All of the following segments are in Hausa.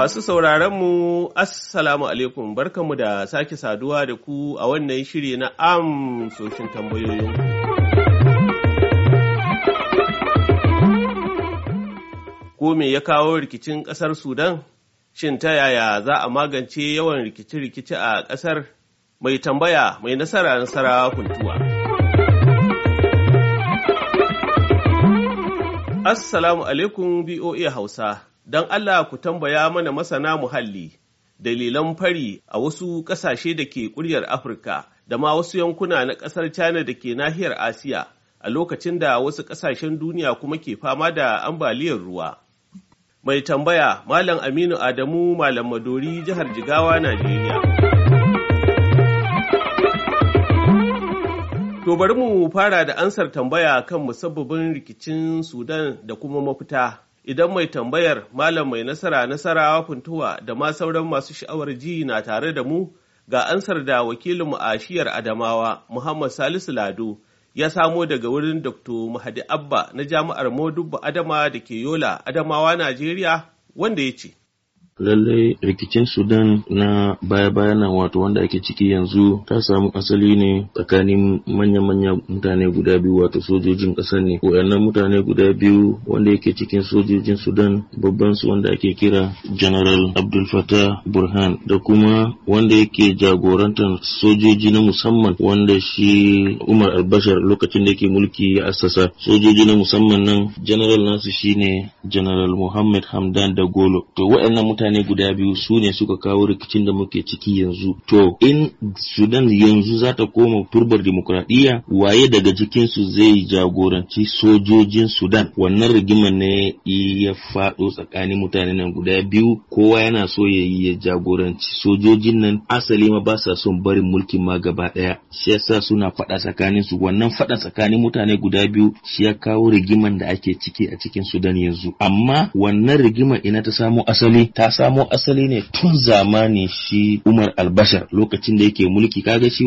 Masu mu Assalamu alaikum, barkanmu da sake saduwa da ku a wannan shiri na amsoshin tambayoyin. Ko me ya kawo rikicin ƙasar Sudan? Shin ta yaya za a magance yawan rikici-rikici a ƙasar? Mai tambaya mai nasara nasara kuntuwa? Assalamu alaikum BOA Hausa. don Allah ku tambaya mana masana muhalli dalilan fari a wasu ƙasashe da ke ƙuryar Afirka da ma wasu yankuna na ƙasar China da ke nahiyar Asiya a lokacin da wasu ƙasashen duniya kuma ke fama da ambaliyar ruwa. Mai tambaya Malam Aminu Adamu Malam Madori jihar Jigawa, Najeriya. To bari mu fara da ansar tambaya kan musabbabin rikicin Sudan da kuma mafita. idan mai tambayar malam mai nasara nasarawa funtuwa da ma sauran masu sha'awar ji na tare da mu ga ansar da wakilinmu a shiyar adamawa muhammad salisu lado ya samo daga wurin dr mahadi abba na jami'ar modubba adama da ke yola adamawa najeriya wanda ya ce lallai rikicin sudan na baya-baya nan wato wanda ake ciki yanzu ta samu asali ne tsakanin manya-manya mutane guda biyu wato sojojin kasar ne wayannan mutane guda biyu wanda yake cikin sojojin sudan babban su wanda ake kira general abdul fatah burhan da kuma wanda yake jagorantar sojoji na musamman wanda shi umar albashar lokacin da yake mulki ya assasa sojoji na musamman nan general nasu shine general muhammad hamdan dagolo to wayannan mutane mutane guda biyu su ne suka kawo rikicin da muke ciki yanzu to in sudan yanzu za ta koma turbar dimokuraɗiyya waye daga cikinsu zai jagoranci sojojin sudan wannan rigima ne ya faɗo tsakanin mutane nan guda biyu kowa yana so ya ya jagoranci sojojin nan asali ma ba sa son barin mulkin ma gaba ɗaya shi yasa suna faɗa tsakanin su wannan faɗa tsakanin mutane guda biyu shi ya kawo rigiman da ake ciki a cikin sudan yanzu amma wannan rigimar ina ta samo asali ta a samo asali ne tun zamani shi Umar Albashar lokacin da yake mulki kaga shi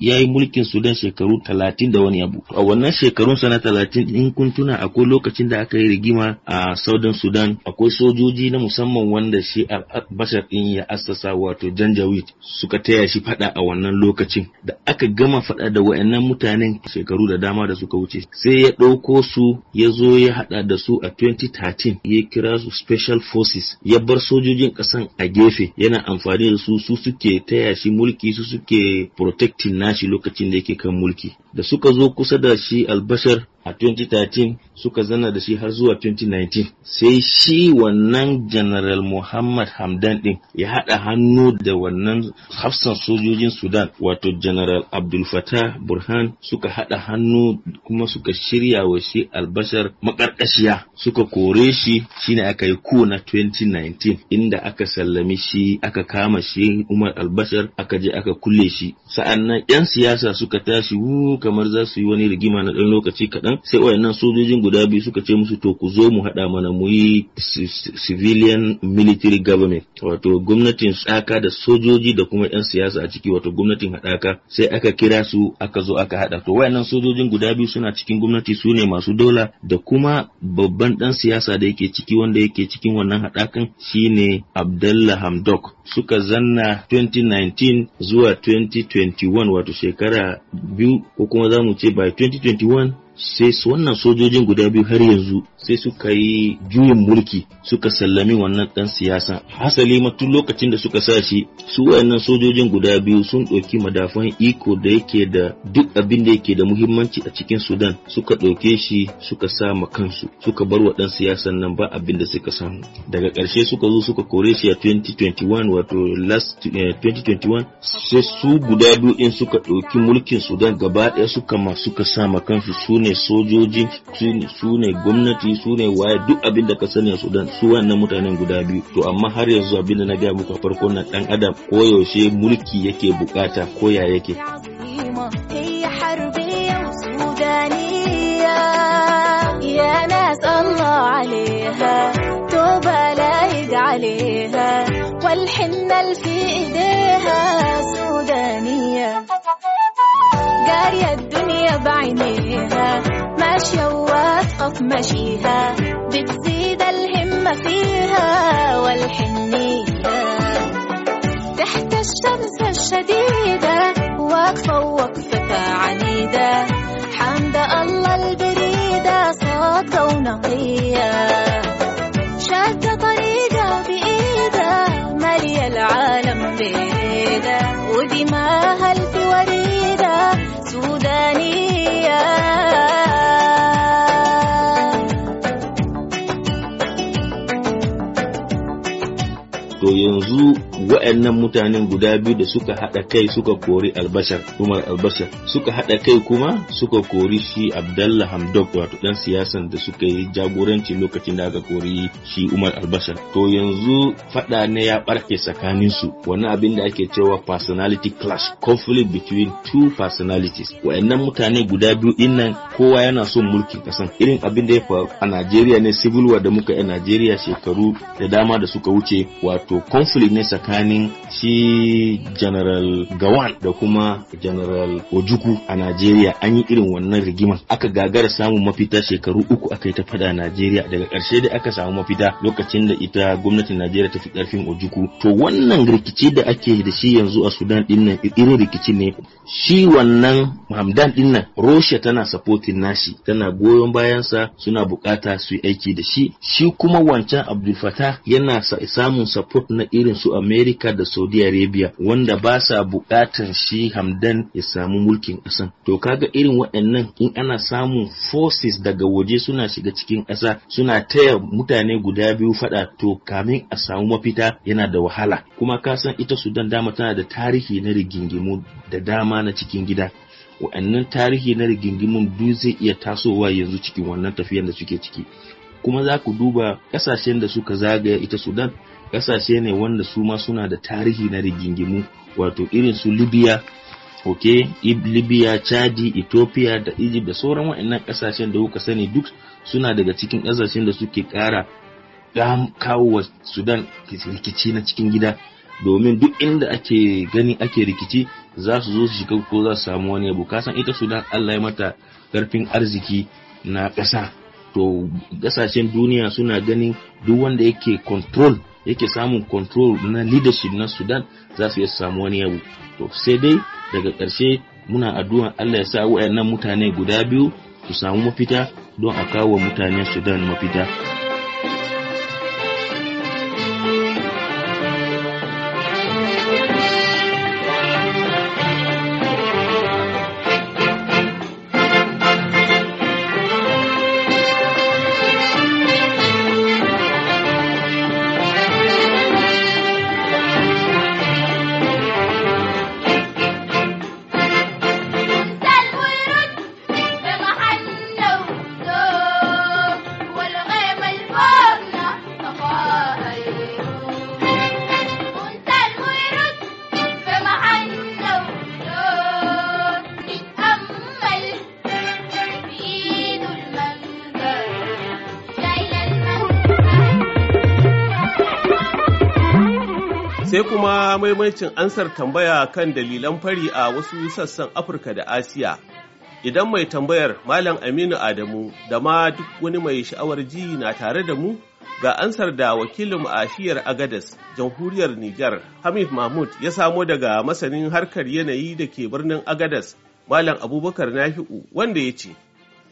ya yi mulkin Sudan shekaru talatin da wani abu. A wannan shekarun sana talatin in kun tuna akwai lokacin da aka yi rigima a Southern Sudan akwai sojoji na musamman wanda shi Albashar din ya assasa wato Janjaweed suka taya shi fada a wannan lokacin da aka gama fada da wayannan mutanen shekaru da dama da suka wuce sai ya ɗauko su ya zo ya hada da su a 2013 ya kira su Special Forces ya bar so. sojojin kasan a gefe yana amfani da su su suke taya shi mulki su suke protecting nashi lokacin da yake kan mulki da suka zo kusa da shi albashar a 2013 suka zana da shi har zuwa 2019 sai shi wannan general muhammad hamdan din ya haɗa hannu da wannan hafsan sojojin sudan wato general abdul fatah burhan suka haɗa hannu kuma suka shirya wa shi albashar makarkashiya suka kore shi shine aka yi ku na 2019 inda aka sallami shi aka kama shi umar albashar aka je aka kulle shi sa'annan 'yan siyasa suka tashi wu kamar za su yi wani rigima na ɗan lokaci kaɗan kenan sai wayannan sojojin guda biyu suka ce musu to ku zo mu haɗa mana mu yi civilian military government wato gwamnatin tsaka da sojoji da kuma 'yan siyasa a ciki wato gwamnatin haɗaka sai aka kira su aka zo aka haɗa to wayannan sojojin guda biyu suna cikin gwamnati su ne masu dola da kuma babban ɗan siyasa da yake ciki wanda yake cikin wannan haɗakan shine Abdullah Hamdok suka zanna 2019 zuwa 2021 wato shekara biyu ko kuma za mu ce by 2021 sai wannan sojojin guda biyu har yanzu sai suka yi juyin mulki suka sallami wannan dan siyasa hasali ma tun lokacin da suka sa shi su wayannan sojojin guda biyu sun ɗauki madafan iko da yake da duk abin da yake da muhimmanci a cikin sudan suka ɗauke shi suka sa ma kansu suka bar wa dan siyasan nan ba abin da suka samu daga karshe suka zo suka kore shi a 2021 wato last 2021 eh, sai su guda biyu in suka ɗauki mulkin sudan gaba ɗaya suka ma suka sa ma kansu su ne sojoji su ne gwamnati su ne waye duk abin da ka sani a sudan su wannan mutanen guda biyu to amma har yanzu abin da na gaya muku a farko na dan adam koyaushe mulki yake bukata koya yake يا ناس في ايديها سودانية قارية الدنيا بعينيها ماشية وواثقة في مشيها بتزيد الهمة فيها والحنية تحت الشمس الشديدة واقفة ووقفة عنيدة حمد الله البريدة صادقة ونقية شادة طريقة بإيدها مالية العالم بإيدها ودماها البريدة سودانية To yanzu wa'annan mutanen guda biyu da suka haɗa kai suka kori albashar umar albashar suka haɗa kai kuma suka kori shi abdallah hamdok wato ɗan siyasan da suka yi jagoranci lokacin da aka kori shi umar albashar to yanzu faɗa ne ya ɓarke tsakaninsu wani abin da ake cewa personality clash conflict between two personalities wa'annan mutane guda biyu din nan kowa yana son mulkin kasan irin abin da ya faru a Najeriya ne civil war da muka yi a Najeriya shekaru da dama da suka wuce wato conflict ne tsakanin tsakanin shi general gawan da kuma general ojuku a najeriya an yi irin wannan rigimar aka gagara samun mafita shekaru uku aka yi ta fada najeriya daga karshe dai aka samu mafita lokacin da ita gwamnatin najeriya ta fi karfin ojuku to wannan rikici da ake da shi yanzu a sudan dinnan irin rikici ne shi wannan hamdan dinnan rosha tana supporting nashi tana goyon bayansa suna bukata su yi aiki da shi shi kuma wancan abdul fatah yana samun support na irin su america Amerika da Saudi Arabia wanda ba sa bukatan shi Hamdan ya samu mulkin ƙasan. To kaga irin waɗannan in ana samun forces daga waje suna shiga cikin ƙasa suna taya mutane guda biyu faɗa to kamin a samu mafita yana da wahala. Kuma ka san ita Sudan dama tana da tarihi na rigingimu da dama na cikin gida. Waɗannan tarihi na rigingimun duk zai iya tasowa yanzu cikin wannan tafiyar da suke ciki. Kuma za ku duba ƙasashen da suka zagaya ita Sudan kasashe ne wanda su ma suna da tarihi na rigingimu wato irin su libya ok libya chadi ethiopia da egypt da sauran waɗannan kasashen da kuka sani duk suna daga cikin kasashen da suke kara kawo wa sudan rikici na cikin gida domin duk inda ake gani ake rikici za su zo su shiga ko za su samu wani abu kasan ita sudan allah ya mata karfin arziki na ƙasa to kasashen duniya suna ganin duk wanda yake control yake samun control na leadership na sudan za su iya samu wani abu to sai dai daga ƙarshe muna addu'a allah ya sa wayannan mutane guda biyu su samu mafita don a kawo mutanen sudan mafita Sai kuma maimacin ansar tambaya kan dalilan fari a wasu sassan Afirka da Asiya. Idan mai tambayar Malam Aminu Adamu da ma duk wani mai sha'awar ji na tare da mu ga ansar da wakilin ashiyar Agadas, jamhuriyar Nijar, Hamid Mahmud ya samo daga masanin harkar yanayi da ke birnin Agadas, Malam Abubakar Nafi'u wanda ya ce,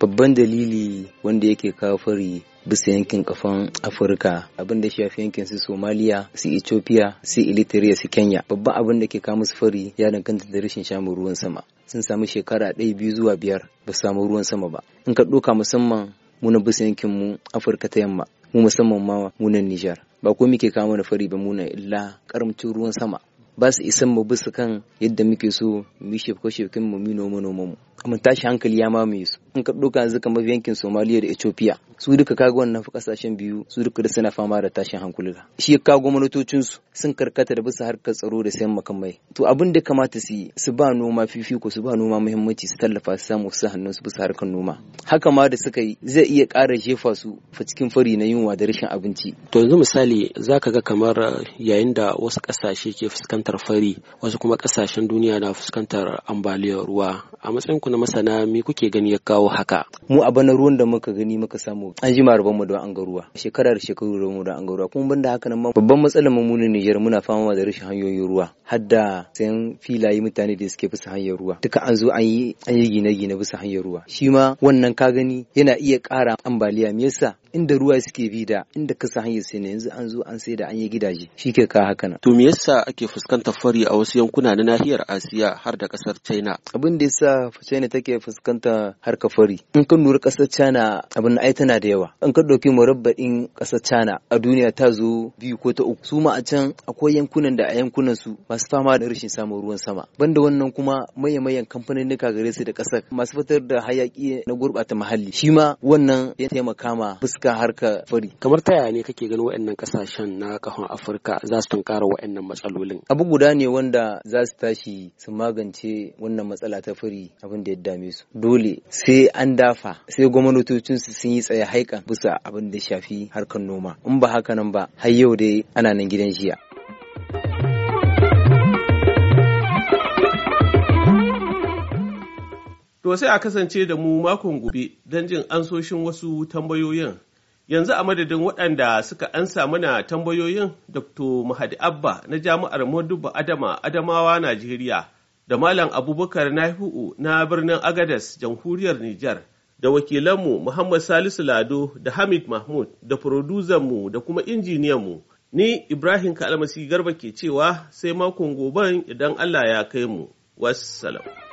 babban dalili wanda yake kawo fari bisa yankin kafan afirka abin da shafi yankin su somaliya su ethiopia su eritrea su kenya babban abin da ke kawo musu fari ya danganta da rashin shamun ruwan sama sun samu shekara ɗaya biyu zuwa biyar ba su samu ruwan sama ba in ka ɗauka musamman munan bisa yankin mu afirka ta yamma mu musamman ma munan nijar ba ko muke kawo mana fari ba muna illa karamcin ruwan sama ba su isan mu bisa kan yadda muke so mu shefko shefkin mu mu noma noman mu amma tashi hankali ya mamaye su in ka ɗauka yanzu kamar yankin somaliya da ethiopia su duka kaga wannan fa kasashen biyu su duka suna fama da tashin hankula shi ka gwamnatocin su sun karkata da bisa harkar tsaro da sayan makamai to abin da kamata su yi su ba noma fifiko su ba noma muhimmanci su tallafa su samu su hannun su bisa harkar noma haka ma da suka yi zai iya ƙara jefa su fa cikin fari na yunwa da rashin abinci to yanzu misali ka ga kamar yayin da wasu kasashe ke fuskantar fari wasu kuma kasashen duniya na fuskantar ambaliyar ruwa a matsayin ku na masana me kuke gani ya kawo kawo haka mu a bana ruwan da muka gani muka samu an jima rabon mu da an ga ruwa shekarar shekaru rabon mu da an ga ruwa kuma banda haka nan babban matsalar mu ne Niger muna fama da rashin hanyoyin ruwa hadda sayan filaye mutane da suke bisa hanyar ruwa duka an zo an yi an yi gine-gine bisa hanyar ruwa shi ma wannan ka gani yana iya ƙara ambaliya me yasa inda ruwa suke bi da inda kasa hanyar sai yanzu an zo an sai da an yi gidaje shi ke ka haka nan. To me yasa ake fuskantar fari a wasu yankuna na nahiyar Asiya har da kasar China? Abin da yasa China take fuskantar harka fari in ka lura kasar China abin ai tana da yawa in ka ɗauki murabba'in kasar China a duniya ta zo biyu ko ta uku su ma a can akwai yankunan da a yankunan su masu fama da rashin samun ruwan sama banda wannan kuma maye-mayen kamfaninnika gare su da kasar masu fitar da hayaki na gurɓata muhalli shi ma wannan ya taimaka ma kan harka fari kamar ta yaya ne kake ganin waɗannan kasashen na kahon afirka za su tunkara waɗannan matsalolin abu guda ne wanda za su tashi su magance wannan matsala ta fari abin da ya dame su dole sai an dafa sai gwamnatocin su sun yi tsaye haika bisa abin da shafi harkar noma in ba haka nan ba har yau dai ana nan gidan jiya To sai a kasance da mu makon gobe don jin ansoshin wasu tambayoyin. Yanzu a madadin waɗanda suka ansa mana tambayoyin Dr. Mahadi Abba na Jami'ar Modubu Adama Adamawa Najeriya da Malam Abubakar nahu'u na birnin Agadas Jamhuriyar Nijar da wakilanmu Muhammad Salisu Lado da Hamid Mahmud da mu da kuma injiniyanmu ni Ibrahim Kalmasi Garba ke cewa sai makon goben idan Allah ya kai mu. Wassalam.